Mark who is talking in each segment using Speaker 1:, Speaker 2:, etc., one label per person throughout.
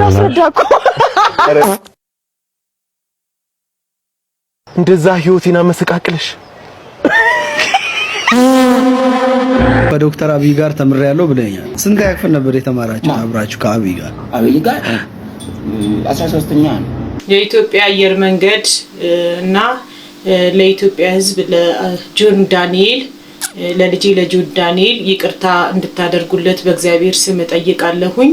Speaker 1: ላስረዳ እኮ እንደዛ ህይወቴን አመሰቃቅለሽ
Speaker 2: ከዶክተር አብይ ጋር ተምሬያለሁ ብለኛል። ስንት ያክፍል ነበር የተማራችሁ አብራችሁ ከአብይ ጋር?
Speaker 3: አብይ ጋር 13ኛ ነው።
Speaker 4: የኢትዮጵያ አየር መንገድ እና ለኢትዮጵያ ህዝብ ለጆን ዳንኤል ለልጄ ለጆን ዳንኤል ይቅርታ እንድታደርጉለት በእግዚአብሔር ስም እጠይቃለሁኝ።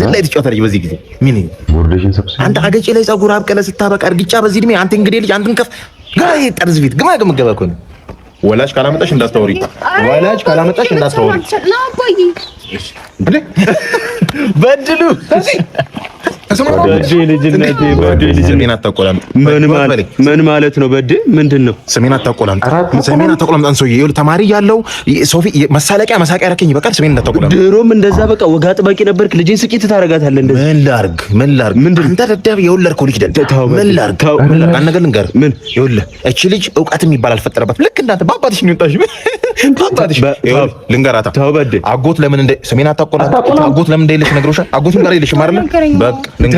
Speaker 1: ዝም ላይ ትጫወታለች። በዚህ ጊዜ ምን አንተ አገጭ ላይ ጸጉር አብቀለ ስታበቃ እርግጫ በዚህ እድሜ አንተ እንግዲህ ልጅ አንተን ከፍ ጋይ ጠርዝ ፊት ግማ ግም እኮ ነው።
Speaker 2: ወላጅ ካላመጣሽ እንዳስተውሪ፣ ወላጅ ካላመጣሽ እንዳስተውሪ። በድሉ ምን ማለት ነው? በዴ ምንድን ነው? ስሜን አታቆላምጥ፣ ስሜን አታቆላምጥ። ሰውዬ ተማሪ ያለው ሶፊ መሳለቂያ መሳቂያ አደረከኝ። በቃ ስሜን እንዳታቆላምጥ። ድሮም እንደዛ በቃ ወጋ ጥባቂ ነበርክ። ልጄን ስቂት ታደርጋታለህ። እንደዚህ ምን ላድርግ? ምን ላድርግ? አንተ ደደብ የወለድከው ልጅ ደደብ። ምን ላድርግ? አንድ ነገር ልንገርህ። ምን ይኸውልህ፣ እቺ ልጅ እውቀት የሚባል አልፈጠረባትም። ልክ እንዳንተ በአባትሽ ነው የወጣችው ልንገራታ አጎት ለምን እንደ ስሜን አታቆላል። አጎት ለምን እንደሌለሽ ነግሮሻል። አጎት ጋር የለሽም አይደል? በቃ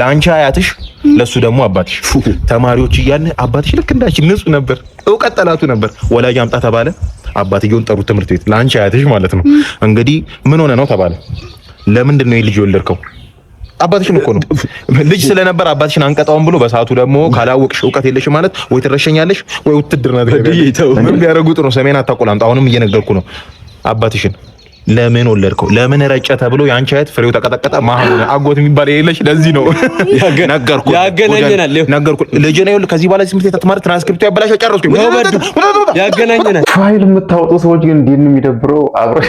Speaker 2: ለአንቺ አያትሽ፣ ለሱ ደግሞ አባትሽ ተማሪዎች እያለ አባትሽ ልክ እንዳንቺ ንጹህ ነበር፣ እውቀት ጠላቱ ነበር። ወላጅ አምጣ ተባለ፣ አባትየውን ጠሩት ትምህርት ቤት። ለአንቺ አያትሽ ማለት ነው። እንግዲህ ምን ሆነ ነው ተባለ። ለምንድን ነው የልጅ የወለድከው? አባትሽን እኮ ነው ልጅ ስለነበር አባትሽን አንቀጣውም ብሎ በሰዓቱ ደግሞ ካላወቅሽ እውቀት የለሽ ማለት ወይ ትረሸኛለሽ ወይ ውትድርና ምን ቢያደርጉ ጥሩ ነው። ሰሜን አታቆላምጥ። አሁንም እየነገርኩ ነው። አባትሽን ለምን ወለድከው? ለምን ረጨ ተብሎ የአንቺ አያት ፍሬው ተቀጠቀጠ። ማህሉ አጎት የሚባል የለሽ። ለዚህ ነው ነገርኩ፣ ያገናኘናል። ነገርኩ ልጅ ነው። ከዚህ በኋላ ትምህርት ተማር። ትራንስክሪፕቱ ያበላሽ። ጨረስኩኝ። ያገናኘናል። ፋይል የምታወጡ ሰዎች ግን እንዲህ ነው የሚደብረው አብረ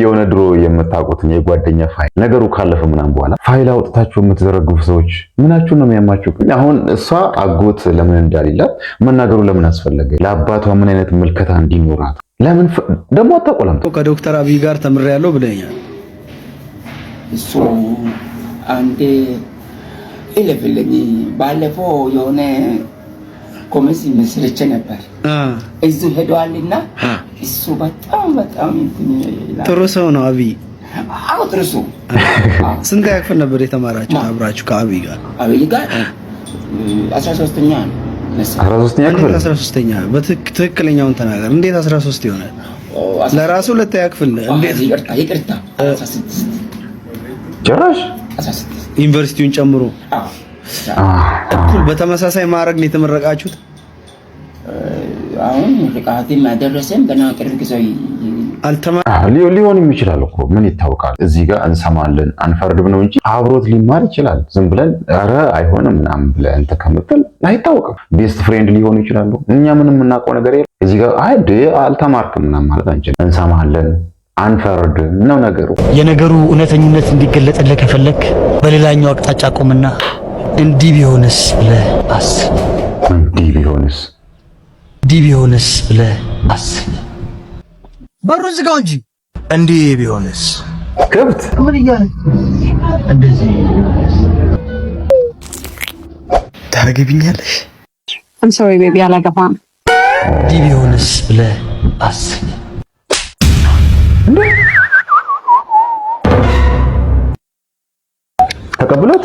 Speaker 2: የሆነ ድሮ የምታውቁትን የጓደኛ ፋይል ነገሩ ካለፈ ምናም በኋላ ፋይል አውጥታችሁ የምትዘረግፉ ሰዎች ምናችሁ ነው የሚያማችሁ? አሁን እሷ አጎት ለምን እንዳሌላት መናገሩ ለምን አስፈለገ? ለአባቷ ምን አይነት ምልከታ እንዲኖራት ለምን ደግሞ አታቆለም? ከዶክተር አብይ ጋር ተምሬያለሁ ብለኛል።
Speaker 3: እሱ አንዴ ይለፍልኝ ባለፈው የሆነ ቆመዝ መስርቼ ነበር እዙ ሄደዋልና እሱ በጣም በጣም
Speaker 2: ጥሩ ሰው ነው። አብይ አሁ ጥሩ ሰው። ስንት ያክፍል ነበር የተማራችሁ አብራችሁ ከአብይ ጋር?
Speaker 3: አብይ ጋር አስራ ሶስተኛ ነው
Speaker 2: ትክክለኛውን ተናገር። እንዴት አስራ ሶስት ይሆናል? ለራሱ ሁለት ክፍል ጭራሽ ዩኒቨርሲቲውን ጨምሮ እኩል በተመሳሳይ ማረግ ነው የተመረቃችሁት?
Speaker 3: አሁን ምርቃቴም አደረሰም ገና ቅርብ ጊዜ
Speaker 2: ሊሆንም ይችላል እኮ ምን ይታወቃል። እዚህ ጋር እንሰማለን አንፈርድም ነው እንጂ አብሮት ሊማር ይችላል። ዝም ብለን ኧረ አይሆንም ምናምን ብለን እንትን ከምትል አይታወቅም። ቤስት ፍሬንድ ሊሆኑ ይችላሉ። እኛ ምንም የምናውቀው ነገር የለም። እዚህ ጋር አይ አልተማርክም ምናምን ማለት አንችልም። እንሰማለን አንፈርድ ነው ነገሩ። የነገሩ እውነተኝነት እንዲገለጥልህ ከፈለክ በሌላኛው አቅጣጫ ቁምና እንዲህ ቢሆንስ ብለህ አስብ። እንዲህ ቢሆንስ እንዲህ ቢሆንስ ብለህ አስብ። በሩን ዝጋው እንጂ እንዲህ ቢሆንስ ክብት ምን እያለ እንደዚህ ታረግብኛለሽ?
Speaker 5: አም ሶሪ ቤቢ አላገባም።
Speaker 2: እንዲህ ቢሆንስ ብለህ አስብ። ተቀብሏት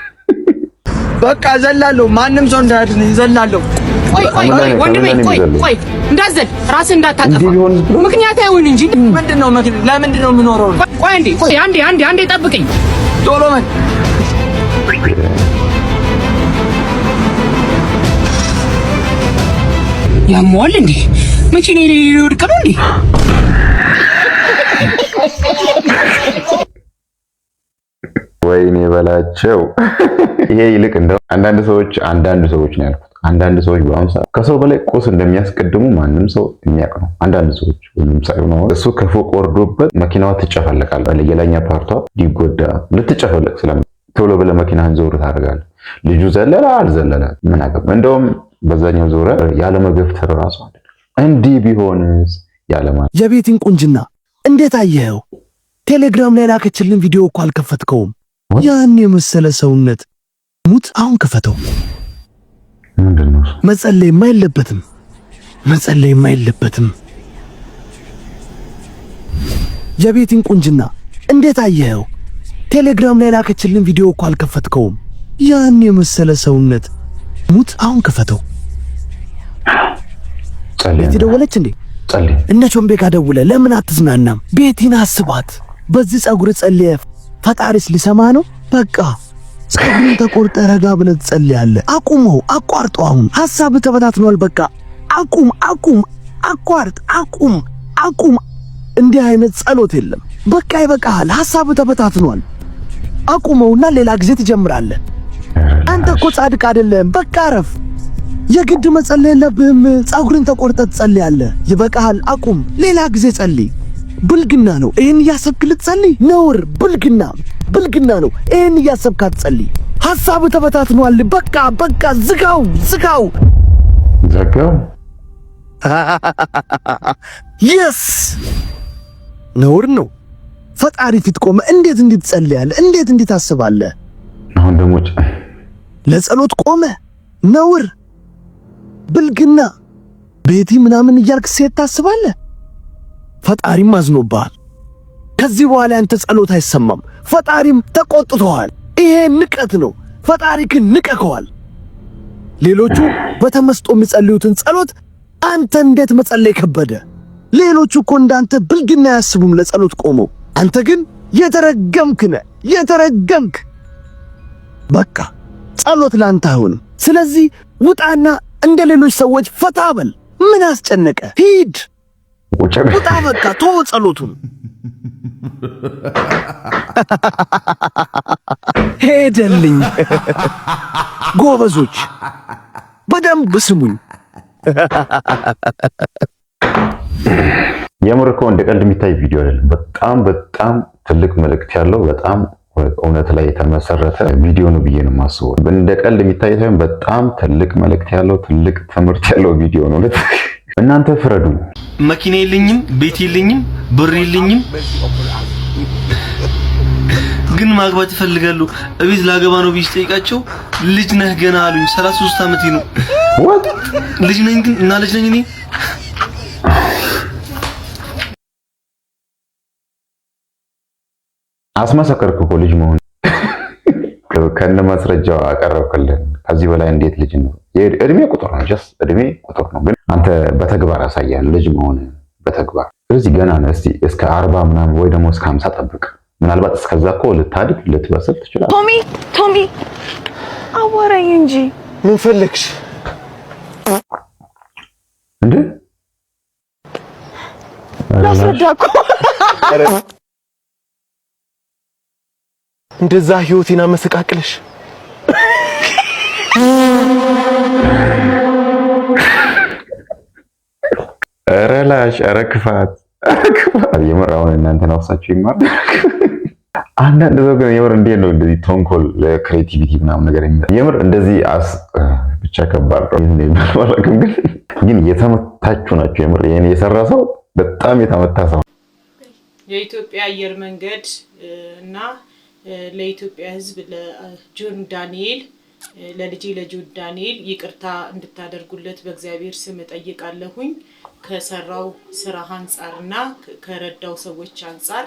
Speaker 2: በቃ ዘላለሁ። ማንም ሰው እንዳያድን ዘላለሁ። ቆይ ቆይ ቆይ ወንድሜ፣ ቆይ ቆይ ራስህ እንዳታጠፋ ምክንያት እንጂ ምንድን ነው ነው ቆይ አንዴ ቆይ አንዴ አንዴ አንዴ ጠብቀኝ ቶሎ እንዴ እንዴ? ወይኔ በላቸው ይሄ ይልቅ እንደ አንዳንድ ሰዎች አንዳንድ ሰዎች ነው ያልኩት። አንዳንድ ሰዎች በአሁኑ ሰዓት ከሰው በላይ ቁስ እንደሚያስቀድሙ ማንም ሰው የሚያውቅ ነው። አንዳንድ ሰዎች ሁሉም ሳይሆን እሱ ከፎቅ ወርዶበት መኪናዋ ትጨፈለቃል ለየላኛ ፓርቷ ሊጎዳ ልትጨፈልቅ ስለሚ ቶሎ ብለህ መኪናህን ዞር ታደርጋለህ። ልጁ ዘለለ አልዘለለ ምን አገባ። እንደውም በዛኛው ዞረ ያለመገፍተር ራሱ እንዲህ ቢሆንስ ያለማ የቤትን ቁንጅና እንዴት አየኸው? ቴሌግራም ላይ ላከችልን ቪዲዮ እኮ አልከፈትከውም። ያን የመሰለ ሰውነት ሙት። አሁን ክፈተው። መጸለይም አይለበትም፣ መጸለይም አይለበትም። የቤቲን ቁንጅና እንዴት አየኸው? ቴሌግራም ላይ ላከችልን ቪዲዮ እኮ አልከፈትከውም። ያን የመሰለ ሰውነት ሙት። አሁን ክፈተው። ቤቲ ደወለች እንዴ? እነ ቾምቤ ጋር ደውለ ለምን አትዝናናም? ቤቲን አስባት። በዚህ ጸጉር ጸልየ ፈጣሪስ ሊሰማ ነው። በቃ ጸጉሩን ተቆርጠ ረጋ ብለህ ትጸልያለህ። አቁመው፣ አቋርጦ። አሁን ሐሳብ ተበታትኗል። በቃ አቁም፣ አቁም፣ አቋርጥ፣ አቁም፣ አቁም። እንዲህ አይነት ጸሎት የለም። በቃ ይበቃሃል። ሐሳብ ተበታትኗል። አቁመውና ሌላ ጊዜ ትጀምራለህ። አንተ እኮ ጻድቅ አይደለም። በቃ አረፍ። የግድ መጸለይ የለብህም። ጸጉርን ተቆርጠ ትጸልያለህ። ይበቃሃል። አቁም። ሌላ ጊዜ ጸልይ። ብልግና ነው። ይህን እያሰብክ ልትጸልይ ነውር፣ ብልግና ብልግና ነው። ይህን እያሰብክ አትጸልይ። ሀሳብ ተበታትኗል። በቃ በቃ፣ ዝጋው ዝጋው፣ ዘጋው። የስ ነውር ነው። ፈጣሪ ፊት ቆመ እንዴት እንዴት እንዴት እንዴት አሁን ደግሞ ለጸሎት ቆመ ነውር፣ ብልግና፣ ቤቲ ምናምን እያልክ ሴት ታስባለህ? ፈጣሪም አዝኖብሃል። ከዚህ በኋላ ያንተ ጸሎት አይሰማም። ፈጣሪም ተቆጥተዋል። ይሄ ንቀት ነው። ፈጣሪክን ንቀከዋል። ሌሎቹ በተመስጦ የሚጸልዩትን ጸሎት አንተ እንዴት መጸለይ ከበደ? ሌሎቹ እኮ እንዳንተ ብልግና አያስቡም ለጸሎት ቆመው፣ አንተ ግን የተረገምክ ነህ። የተረገምክ በቃ ጸሎት ላንተ አይሆንም። ስለዚህ ውጣና እንደ ሌሎች ሰዎች ፈታ በል። ምን አስጨነቀ? ሂድ። ውጣ በቃ ቶ ጸሎቱን ሄደልኝ። ጎበዞች በደንብ ስሙኝ። የምር እኮ እንደ ቀልድ የሚታይ ቪዲዮ አይደለም። በጣም በጣም ትልቅ መልእክት ያለው በጣም እውነት ላይ የተመሰረተ ቪዲዮ ነው ብዬ ነው የማስበው። እንደ ቀልድ የሚታይ ሳይሆን በጣም ትልቅ መልእክት ያለው ትልቅ ትምህርት ያለው ቪዲዮ ነው። እናንተ ፍረዱ። መኪና የለኝም፣ ቤት የለኝም፣ ብር የለኝም፣ ግን ማግባት ይፈልጋሉ። እቤት ላገባ ነው ብዬ ጠይቃቸው ልጅ ነህ ገና አሉኝ። 33 ዓመቴ ነው። ልጅ ነኝ ግን እና ልጅ ነኝ እኔ አስመሰከርክ እኮ ልጅ መሆን ከነ ማስረጃው አቀረብክልን። ከዚህ በላይ እንዴት ልጅ ነው? እድሜ ቁጥር ነው፣ ጀስት እድሜ ቁጥር ነው። ግን አንተ በተግባር ያሳያል ልጅ መሆን በተግባር ስለዚህ ገና ነው። እስቲ እስከ አርባ ምናምን ወይ ደግሞ እስከ ሀምሳ ጠብቅ። ምናልባት እስከዛ እኮ ልታድግ ልትበስል
Speaker 5: ትችላለህ። ቶሚ ቶሚ አወራኝ እንጂ
Speaker 2: ምን ፈለግሽ እንዴ?
Speaker 5: ላስረዳ እኮ
Speaker 1: እንደዛ ህይወቴን አመሰቃቅለሽ
Speaker 2: ኧረ ላሽ ኧረ ክፋት የምር አሁን እናንተ ነፍሳችሁ ይማር። አንዳንድ ሰው ግን የምር እንዴት ነው እንደዚህ ተንኮል ለክሬቲቪቲ ምናምን ነገር የምር እንደዚህ አስ ብቻ ከባድ ነው። ግን የተመታችሁ ናቸው የምር ይሄን የሰራ ሰው በጣም የተመታ ሰው
Speaker 4: የኢትዮጵያ አየር መንገድ እና ለኢትዮጵያ ሕዝብ ለጆን ዳንኤል ለልጄ ለጆን ዳንኤል ይቅርታ እንድታደርጉለት በእግዚአብሔር ስም እጠይቃለሁኝ። ከሰራው ስራ አንጻርና ከረዳው ሰዎች አንጻር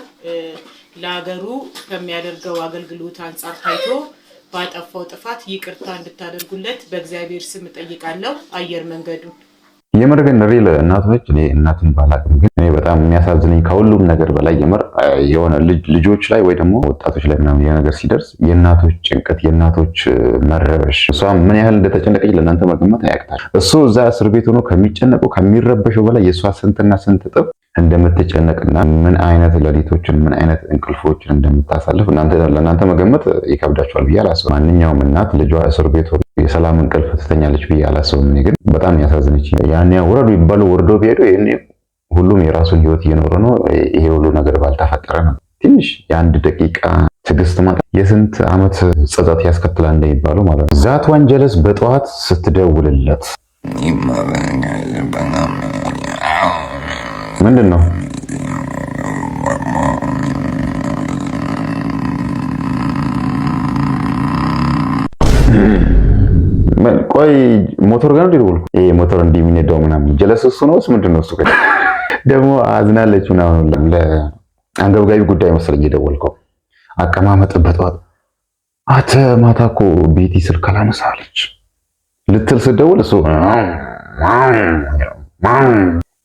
Speaker 4: ለሀገሩ ከሚያደርገው አገልግሎት አንጻር ታይቶ ባጠፋው ጥፋት ይቅርታ እንድታደርጉለት በእግዚአብሔር ስም እጠይቃለሁ። አየር መንገዱን
Speaker 2: የምር ግን ሪል እናቶች እኔ እናትን ባላቅም ግን እኔ በጣም የሚያሳዝነኝ ከሁሉም ነገር በላይ የምር የሆነ ልጆች ላይ ወይ ደግሞ ወጣቶች ላይ ምናምን የነገር ሲደርስ የእናቶች ጭንቀት፣ የእናቶች መረበሽ እሷ ምን ያህል እንደተጨነቀች ለእናንተ መገመት አያቅታል። እሱ እዛ እስር ቤት ሆኖ ከሚጨነቀው ከሚረበሸው በላይ የእሷ ስንትና ስንት ጥብ እንደምትጨነቅና ምን አይነት ሌሊቶችን ምን አይነት እንቅልፎችን እንደምታሳልፍ ለእናንተ መገመት ይከብዳቸዋል ብዬ አላስብም። ማንኛውም እናት ልጇ እስር ቤት የሰላም እንቅልፍ ትተኛለች ብዬ አላስብም። እኔ ግን በጣም ያሳዝነች ያኔ ውረዱ ይባሉ ወርዶ ቢሄዱ ሁሉም የራሱን ህይወት እየኖረ ነው። ይሄ ሁሉ ነገር ባልተፈጠረ ነው። ትንሽ የአንድ ደቂቃ ትግስት ማለት የስንት ዓመት ጸጸት ያስከትላል እንደሚባለው ማለት ነው። ዛት ወንጀለስ በጠዋት ስትደውልለት ምንድን ነው ቆይ ሞተር ጋር ነው ሞተር እንዲህ የሚነዳው ምናምን ጀለስ እሱ ነው ምንድን ነው እሱ ደግሞ አዝናለች ምናምን ለአንገብጋቢ ጉዳይ መሰለኝ የደወልከው። አቀማመጥ በጠዋት አተ ማታ እኮ ቤቲ ስልክ አላነሳለች ልትል ስደውል እሱ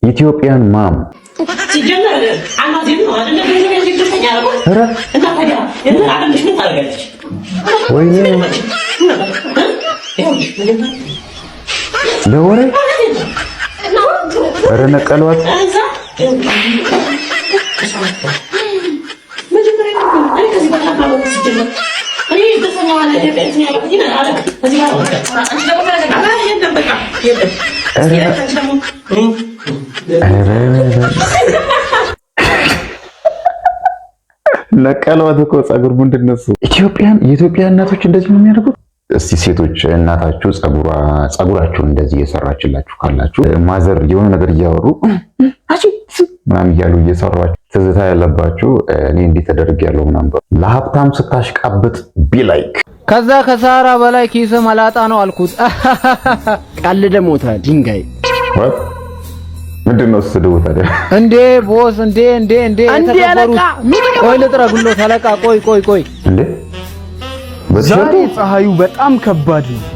Speaker 2: ኢትዮጵያን ማም ለወሬ ረነቀሏት ነቀለዋት እኮ ፀጉር ምንድን ነው እሱ? ኢትዮጵያን የኢትዮጵያ እናቶች እንደዚህ ነው የሚያደርጉት። እስቲ ሴቶች እናታችሁ ጸጉራችሁን እንደዚህ እየሰራችላችሁ ካላችሁ ማዘር የሆነ ነገር እያወሩ ምናምን እያሉ እየሰሯችሁ ትዝታ ያለባችሁ እኔ እንዲህ ተደርግ ያለው ምናምን ለሀብታም ስታሽቃብጥ ቢላይክ ከዛ ከሳራ በላይ ኪስ መላጣ ነው አልኩት። ቀልደ ሞታ ድንጋይ ምንድን ነው ስድቡ ታዲያ? እንዴ ቦስ፣ እንዴ እንዴ እንዴ ተቀበሩ። ቆይ ልጥረግሎ ተለቃ። ቆይ ቆይ ቆይ እንዴ ዛሬ ፀሐዩ በጣም ከባድ ነው።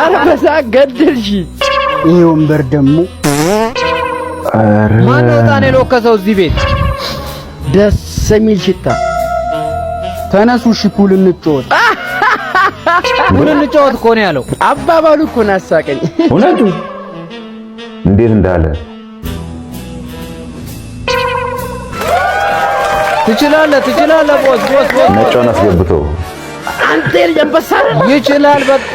Speaker 2: አንበሳ ገደልሽ። ይሄ ወንበር ደግሞ ማነው ጣኔ እዚህ ቤት? ደስ የሚል ሽታ። ተነሱ እሺ፣ ፑል እንጫወት። ፑል እንጫወት እኮ ነው ያለው። አባባሉ እኮ ነው ያሳቀኝ። እውነቱ እንዴት እንዳለ ትችላለህ፣ ትችላለህ። ቦስ ቦስ ቦስ ነጮን አስገብቶ አንተ የለበሳረ ይችላል። በቃ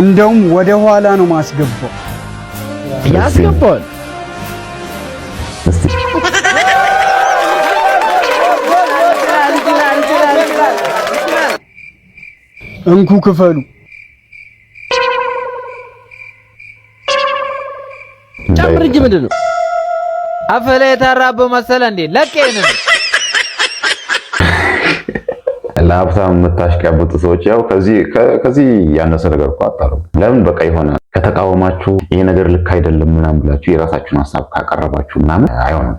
Speaker 2: እንደውም ወደ ኋላ ነው ማስገባው። ያስገባል። እንኩ ክፈሉ። ጨምር እንጂ ምንድን ነው አፈላ የታራበ መሰለ እንዴ? ለቀይን ለሀብታም የምታሽቀብጡ ሰዎች ያው ከዚህ ከዚህ ያነሰ ነገር እኮ አጣሩ። ለምን በቃ የሆነ ከተቃወማችሁ ይሄ ነገር ልክ አይደለም ምናምን ብላችሁ የራሳችሁን ሀሳብ ካቀረባችሁ ምናምን አይሆንም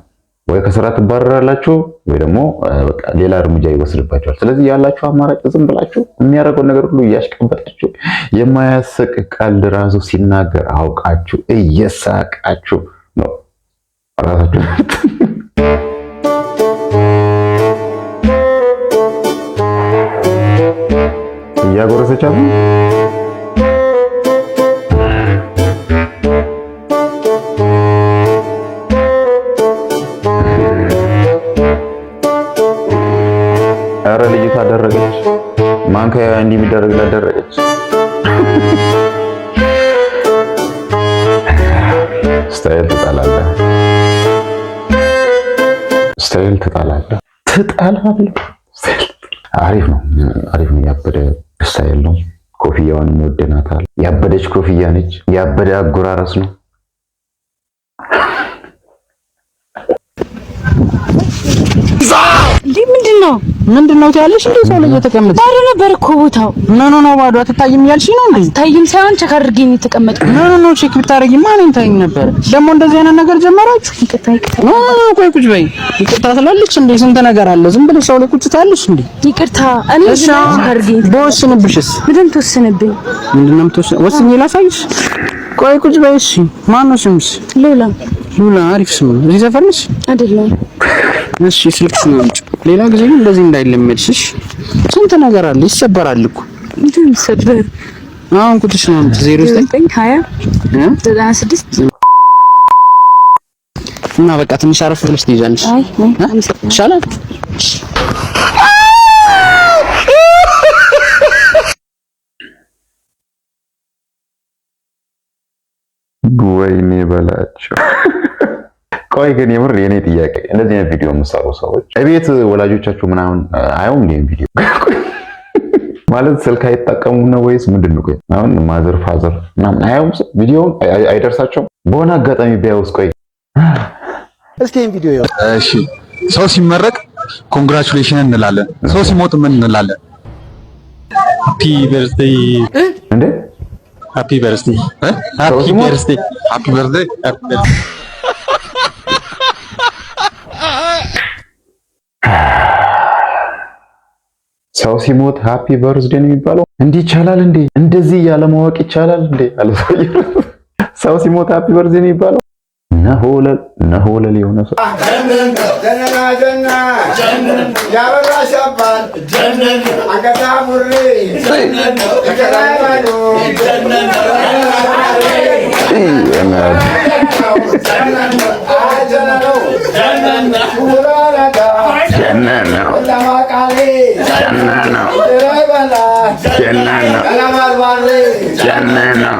Speaker 2: ወይ ከስራ ትባረራላችሁ ወይ ደግሞ ሌላ እርምጃ ይወስድባችኋል። ስለዚህ ያላችሁ አማራጭ ዝም ብላችሁ የሚያደርገውን ነገር ሁሉ እያሽቀበጣችሁ የማያስቅ ቀልድ ራሱ ሲናገር አውቃችሁ እየሳቃችሁ ራሳቸው እያጎረሰቻት ኧረ ልጅቷ አደረገች ማንከያ እንዲህ የሚደረግ አህያ ነች። ያበደ አጎራረስ ነው።
Speaker 5: ዛ ነው?
Speaker 2: ምንድን ነው ያለሽ? እንዴ ሰው ላይ እየተቀመጥሽ
Speaker 5: ባዶ ነበር እኮ ቦታው።
Speaker 2: ኖ ኖ ኖ ባዶ አትታይም ያልሽ ነው እንዴ? አትታይም
Speaker 5: ሳይሆን ቼክ አድርጌ ነው የተቀመጥኩት። ኖ
Speaker 2: ኖ ኖ ቼክ ብታረጊ? ማን እንታይም ነበር። ደግሞ እንደዚህ አይነት ነገር ጀመራችሁ? ይቅርታ ይቅርታ። ኖ ኖ ኖ ቆይ ቁጭ በይ። ይቅርታ ስላለች እንዴ ስንት ነገር አለ። ዝም ብለሽ ሰው ላይ ቁጭ ታያለሽ እንዴ?
Speaker 5: ይቅርታ እኔ ቼክ አድርጌ
Speaker 2: በወስንብሽስ?
Speaker 5: ምንድን ትወስንብኝ?
Speaker 2: ምንድን ነው የምትወስን? ወስኝ ላሳይሽ። ቆይ ቁጭ በይ። እሺ ማን ነው ስምሽ? ሉላ ሉላ አሪፍ ስም ነው። እዚህ ሰፈር ነሽ አይደለም? እሺ፣ ስልክ ስም አምጪ። ሌላ ጊዜ ግን እንደዚህ እንዳይለመድሽ። ስንት ነገር አለ፣ ይሰበራል እኮ ይሰበር። አሁን ቁጥሽ ነው አምጪ። ዜሮ እና በቃ ትንሽ አረፍ ብለሽ ትይዛለሽ ይሻላል። ወይኔ በላቸው። ቆይ ግን የምር የኔ ጥያቄ እንደዚህ አይነት ቪዲዮ የምሰሩ ሰዎች እቤት ወላጆቻችሁ ምናምን አይሁን ይሄን ቪዲዮ ማለት ስልክ አይጠቀሙም ነው ወይስ ምንድን ነው? ቆይ አሁን ማዘር ፋዘር ምናምን አየውም ቪዲዮ አይደርሳቸውም። በሆነ አጋጣሚ ቢያውስ ቆይ እስኪ ይሄን ቪዲዮ እሺ፣ ሰው ሲመረቅ ኮንግራቹሌሽን እንላለን። ሰው ሲሞት ምን እንላለን? ሃፒ በርዝዴይ እንዴ ሀፒ በርስዴ ሀፒ በርስዴ ሀፒ በርስዴ ሰው ሲሞት ሀፒ በርስዴ ነው የሚባለው። እንዲህ ይቻላል እንዴ? እንደዚህ ያለማወቅ ይቻላል እንዴ? ሰው ሲሞት ሀፒ በርስዴ ነው የሚባለው። ነሆለል የሆነ ሰው ጀነን ነው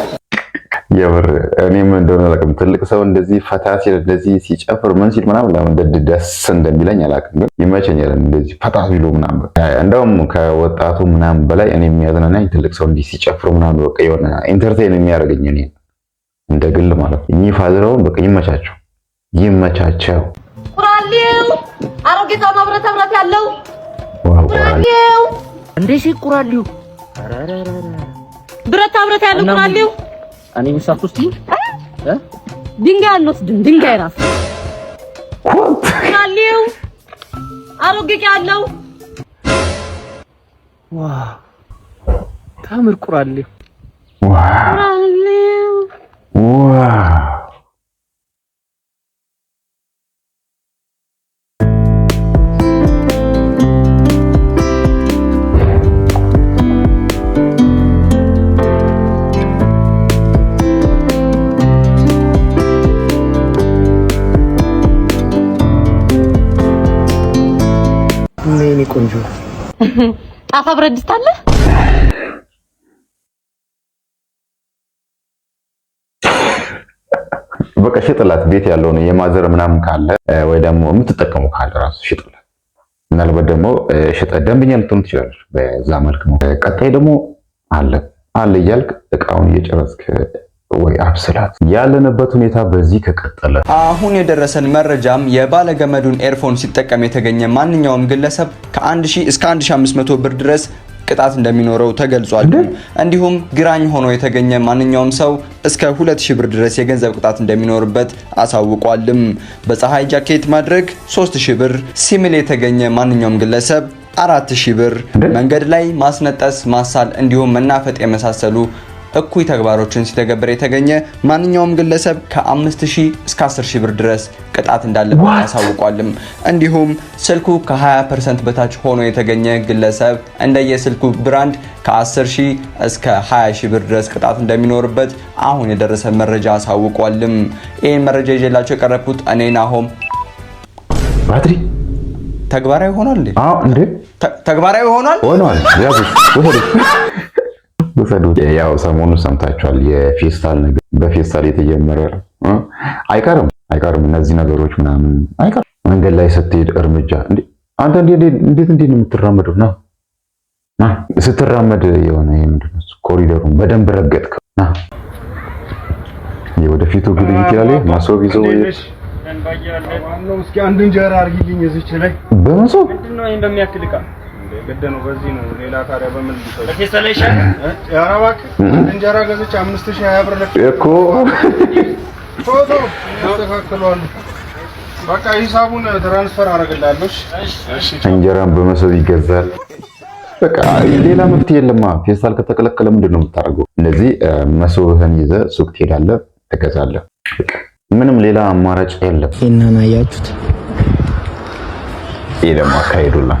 Speaker 2: የብር እኔም እንደሆነ አላውቅም። ትልቅ ሰው እንደዚህ ፈታ ሲል እንደዚህ ሲጨፍር ምን ሲል ምናምን ለምን ደስ እንደሚለኝ አላውቅም፣ ግን ይመቸኛል እንደዚህ ፈታ ሲሉ ምናምን። እንደውም ከወጣቱ ምናምን በላይ እኔ የሚያዝናናኝ ትልቅ ሰው እንዲህ ሲጨፍሩ ምናምን በቃ የሆነ ኢንተርቴን የሚያደርገኝ እኔ እንደ ግል ማለት ነው። እኚህ ፋዘራውን በቃ ይመቻቸው ይመቻቸው። ቁራሌው አሮጌታ ማብረት ብረት ያለው ቁራሌው እንደ ሴት ቁራሌው ብረታ ብረት ያለው ቁራሌው እኔ ምሳት ውስጥ ድንጋይ አንወስድም። ድንጋይ ራሱ ካሊው አሮጌቅ ያለው ዋ ታምር ቁራሌው ዋ ቁራሌው ዋ ጣፋ ብረት ድስት አለ። በቃ ሽጥላት። ቤት ያለውን የማዘር ምናምን ካለ ወይ ደግሞ የምትጠቀሙ ካለ ራሱ ሽጥላት። ምናልባት ደግሞ ሽጠ ደንበኛ ልትሆን ትችላለች። በዛ መልክ ነው። ቀጣይ ደግሞ አለ አለ እያልክ እቃውን እየጨረስክ ወይ አብስላት። ያለንበት ሁኔታ በዚህ ከቀጠለ አሁን የደረሰን መረጃም የባለገመዱን ኤርፎን ሲጠቀም የተገኘ ማንኛውም ግለሰብ ከ1000 እስከ 1500 ብር ድረስ ቅጣት እንደሚኖረው ተገልጿል። እንዲሁም ግራኝ ሆኖ የተገኘ ማንኛውም ሰው እስከ 2000 ብር ድረስ የገንዘብ ቅጣት እንደሚኖርበት አሳውቋልም። በፀሐይ ጃኬት ማድረግ 3000 ብር፣ ሲምል የተገኘ ማንኛውም ግለሰብ አራት ብር፣ መንገድ ላይ ማስነጠስ፣ ማሳል እንዲሁም መናፈጥ የመሳሰሉ እኩይ ተግባሮችን ሲተገብር የተገኘ ማንኛውም ግለሰብ ከ5000 እስከ 10000 ብር ድረስ ቅጣት እንዳለበት ያሳውቋልም። እንዲሁም ስልኩ ከ20% በታች ሆኖ የተገኘ ግለሰብ እንደየስልኩ ብራንድ ከ10000 እስከ 20000 ብር ድረስ ቅጣት እንደሚኖርበት አሁን የደረሰ መረጃ አሳውቋልም። ይህን መረጃ ይዤላቸው የቀረብኩት እኔ ናሆም ባትሪ ተግባራዊ ሆኗል እንዴ? አዎ እንዴ? ተግባራዊ ሆኗል ሆኗል። ያዙ ውሰዱ። ያው ሰሞኑ ሰምታችኋል። የፌስታል ነገር በፌስታል የተጀመረ አይቀርም አይቀርም እነዚህ ነገሮች ምናምን አይቀርም። መንገድ ላይ ስትሄድ እርምጃ አንተ እንዴት እንዴት ነው የምትራመደው? ና ና ስትራመድ የሆነ ይሄ ምንድን ነው ኮሪደሩን በደንብ ረገጥክ። ና የወደፊቱ ግድ ይችላል ማሶብ ይዞ እስኪ አንድ እንጀራ አርግልኝ ወይ በመሶብ ግድ ነው። በዚህ ነው። ሌላ ታዲያ በምን ልሰው? ኧረ እባክህ እንጀራ ገዝቼ አምስት ሺህ ሀያ ብር እኮ ፎቶ ያስተካክሏል። በቃ ሂሳቡን ትራንስፈር አደርግልሃለሁ። እንጀራን በመሰብ ይገዛል። በቃ ሌላ መፍትሄ የለማ። ፌስታል ከተቀለቀለ ምንድን ነው የምታደርገው? እነዚህ መሶብህን ይዘ ሱቅ ትሄዳለህ፣ ትገዛለህ። ምንም ሌላ አማራጭ የለም። ይህንን አያችሁት? ይህ ደግሞ አካሄዱላ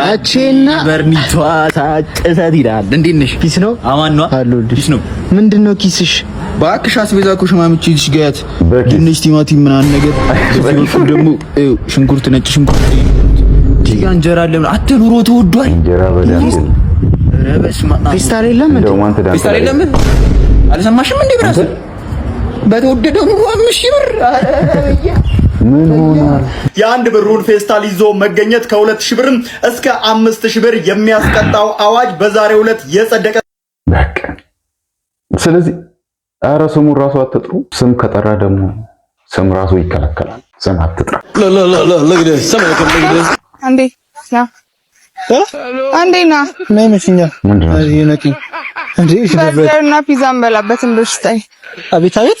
Speaker 2: አቼና በርኒቷ ሳጨሰት ይላል። እንዴት ነሽ? ኪስ ነው አማኗ ነው አሉልሽ። ኪስ ነው ምንድን ነው ኪስሽ? እባክሽ አስቤዛ እኮ ሽማምቼ ይልሽ ገያት ድንች፣ ቲማቲም ምናምን ነገር ደግሞ ሽንኩርት፣ ነጭ ሽንኩርት ዲጋ እንጀራ ለምን አተ ኑሮ ተወዷል። እንጀራ በዳስ ረበስማ ፌስታል የለም እንዴ? ፌስታል የለም አልሰማሽም እንዴ? ብራስ በተወደደው ኑሮ አምስት ሺህ ብር ምን ሆኗል? የአንድ ብሩን ፌስታል ይዞ መገኘት ከሁለት ሺህ ብርም እስከ አምስት ሺህ ብር የሚያስቀጣው አዋጅ በዛሬው ዕለት የጸደቀ። ስለዚህ ኧረ ስሙን ራሱ አትጥሩ። ስም ከጠራ ደግሞ ስም ራሱ ይከለከላል። ስም አትጥራ። ና ነው ፒዛ እንበላበትን ብርስታይ አቤት አቤት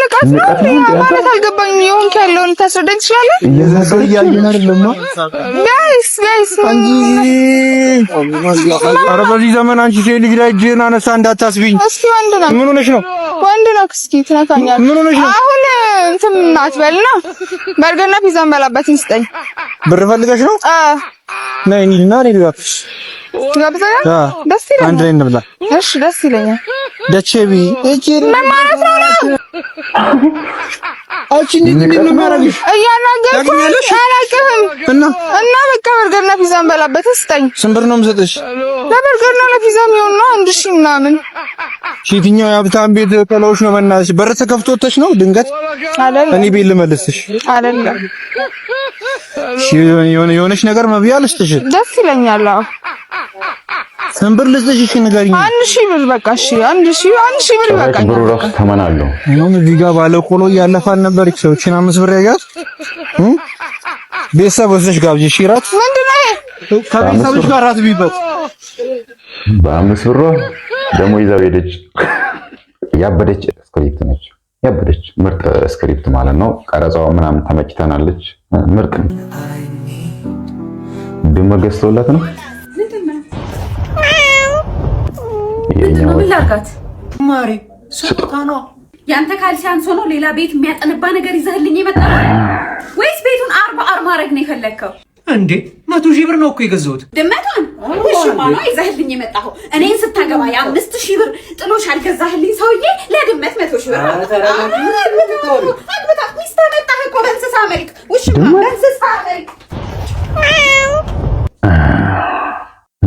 Speaker 2: ንቀት ነው ማለት አልገባኝም። የሆንክ ያለውን ልታስረዳኝ ትችላለህ? ጋይስ ጋይስ፣ ኧረ በዚህ ዘመን አንቺ ሴት ልጅ ላይ እጅህን አነሳ እንዳታስቢኝ። እስኪ ወንድ ነው። ምን ሆነሽ ነው? ወንድ ነው። እስኪ ትነካኛለህ። ምን ሆነሽ ነው? አሁን እንትን አትበልና በርገርና ፒዛ እንበላበትን ስጠኝ። ብር ፈልገሽ ነው? አዎ ነይ እና ነይ ልጋብዝሽ። ትጋብዘኛለህ? ደስ ይለኛል። አንድ ላይ እንብላ። እሺ ደስ ይለኛል። ደቼ ቢ እቺ ምን ማለት ነው? አንቺ እንዴት ነው የሚያደርግሽ? እያናገርኩሽ አላውቅህም። እና እና በቃ በርገርና ፒዛ እንበላበት ስጠኝ። ስንብር ነው የምሰጥሽ። ለበርገርና ለፒዛ የሚሆን ነው አንድ ሺህ ምናምን። የትኛው የሀብታም ቤት ከለውሽ ነው? በእናትሽ በር ተከፍቶ ነው ድንገት? እኔ ቤት ልመልስሽ አይደለም። የሆነች ነገር መብያ ልስጥሽ። ደስ ይለኛል። አዎ ስንብር ልስጥሽ? ንገሪኝ። አንድ ሺህ ብር በቃ እሺ፣ አንድ ሺህ አንድ ሺህ ብር በቃ ብሩ ራሱ ተመናለሁ። አሁን እዚህ ጋር ባለ ቆሎ እያለፋን ነበር። ሰዎችን አምስት ብር ያጋዝ ቤተሰብ ወስደሽ ጋብዥሽ እራት ምንድን ነው ከቤተሰብሽ ጋር እራት ቢበት በአምስት ብሯ ደግሞ ይዛው ሄደች። ያበደች ስክሪፕት ነች። ያበደች ምርጥ ስክሪፕት ማለት ነው። ቀረጻዋ ምናምን ተመችተናለች። ምርጥ ድምር ገዝቶላት ነው ማሪ ያንተ ካልሲ አንሶ ነው ሌላ ቤት የሚያጠንባ ነገር ይዘህልኝ የመጣ ወይስ ቤቱን አርባ አር ማድረግ ነው የፈለግከው? እንዴ መቶ ሺህ ብር ነው እኮ የገዛሁት። ድመቷን ውሽማ ይዘህልኝ የመጣሁ። እኔን ስታገባ የአምስት ሺህ ብር ጥሎሽ አልገዛህልኝ ሰውዬ ለድመት መቶ ሺህ ብር ሚስት መጣህ እኮ በእንስሳ መልክ ውሽማ በእንስሳ መልክ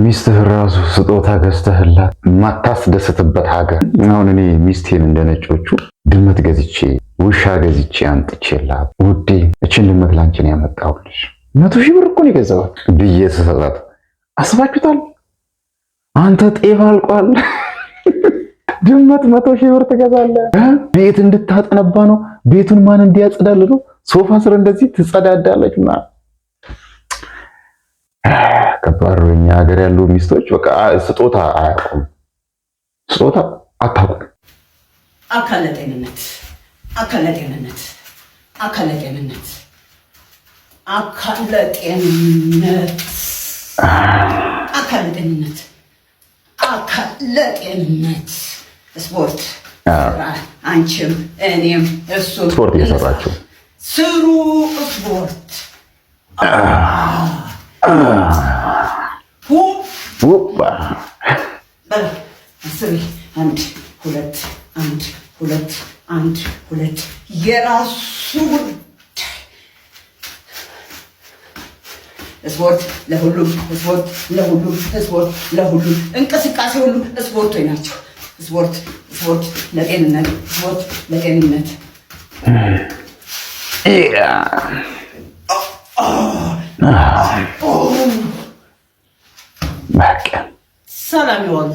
Speaker 2: ሚስትህ ራሱ ስጦታ ገዝተህላት ማታስደስትበት ሀገር። አሁን እኔ ሚስቴን እንደ ነጮቹ ድመት ገዝቼ ውሻ ገዝቼ አንጥቼላት ውዴ እችን ድመት ላንችን ያመጣሁልሽ መቶ ሺህ ብር እኮ ነው የገዛኋት ብዬ ስሰጣት አስባችሁታል? አንተ ጤፍ አልቋል፣ ድመት መቶ ሺህ ብር ትገዛለህ? ቤት እንድታጠነባ ነው? ቤቱን ማን እንዲያጽዳል ነው? ሶፋ ስር እንደዚህ ትጸዳዳለች ምናምን ከባድ እኛ ሀገር ያሉ ሚስቶች በቃ ስጦታ አያውቁም፣ ስጦታ አታውቁም። አካለ ጤንነት አካለ ጤንነት አካለ ጤንነት አካለ ጤንነት አካለ ጤንነት አካለ ጤንነት ስፖርት አንቺም እኔም እሱ ስፖርት እየሰራችሁ ስሩ ስፖርት አንድ ሁለት አንድ ሁለት አንድ ሁለት የራሱ ስፖርት ለሁሉም ስፖርት ለሁሉም ስፖርት ለሁሉም እንቅስቃሴ ሁሉ ስፖርት ናቸው። ስፖርት ስፖርት ለጤንነት ስፖርት ለጤንነት በቃ ሰላም ይዋል።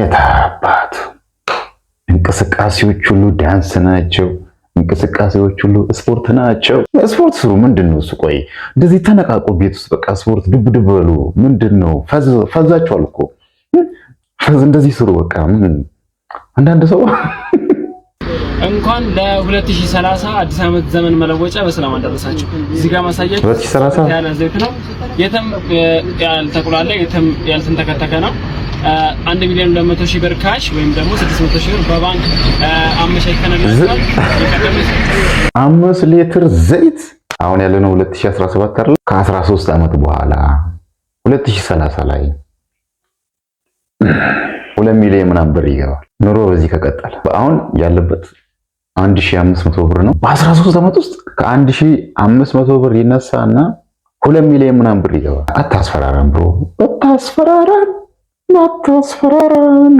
Speaker 2: የታባቱ እንቅስቃሴዎች ሁሉ ዳንስ ናቸው። እንቅስቃሴዎች ሁሉ ስፖርት ናቸው። ስፖርት ስሩ። ምንድን ነው እሱ? ቆይ እንደዚህ ተነቃቁ ቤት ውስጥ በቃ ስፖርት ድብ ድብ በሉ። ምንድን ነው ፈዛችኋል እኮ። እንደዚህ ስሩ በቃ። አንዳንድ ሰው እንኳን ለ2030 አዲስ ዓመት ዘመን መለወጫ በሰላም አደረሳችሁ። እዚህ ጋር ማሳያችሁ 2030 ያለ ዘይት ነው። የተም ያልተቆላለ የተም ያልተንተከተከ ነው። አንድ ሚሊዮን ሁለት ሺህ ብር ካሽ ወይም ደግሞ 600 ሺህ ብር በባንክ አመቻችተናል። አምስት ሊትር ዘይት አሁን ያለነው 2017 አይደል? ከ13 ዓመት በኋላ 2030 ላይ ሁለት ሚሊዮን ምናምን ብር ይገባል። ኑሮ በዚህ ከቀጠለ አሁን ያለበት 1500 ብር ነው። በ13 ዓመት ውስጥ ከ1500 ብር ይነሳ እና ሁለት ሚሊዮን ምናምን ብር ይገባል። አታስፈራራን ብሮ አታስፈራራን አታስፈራራን።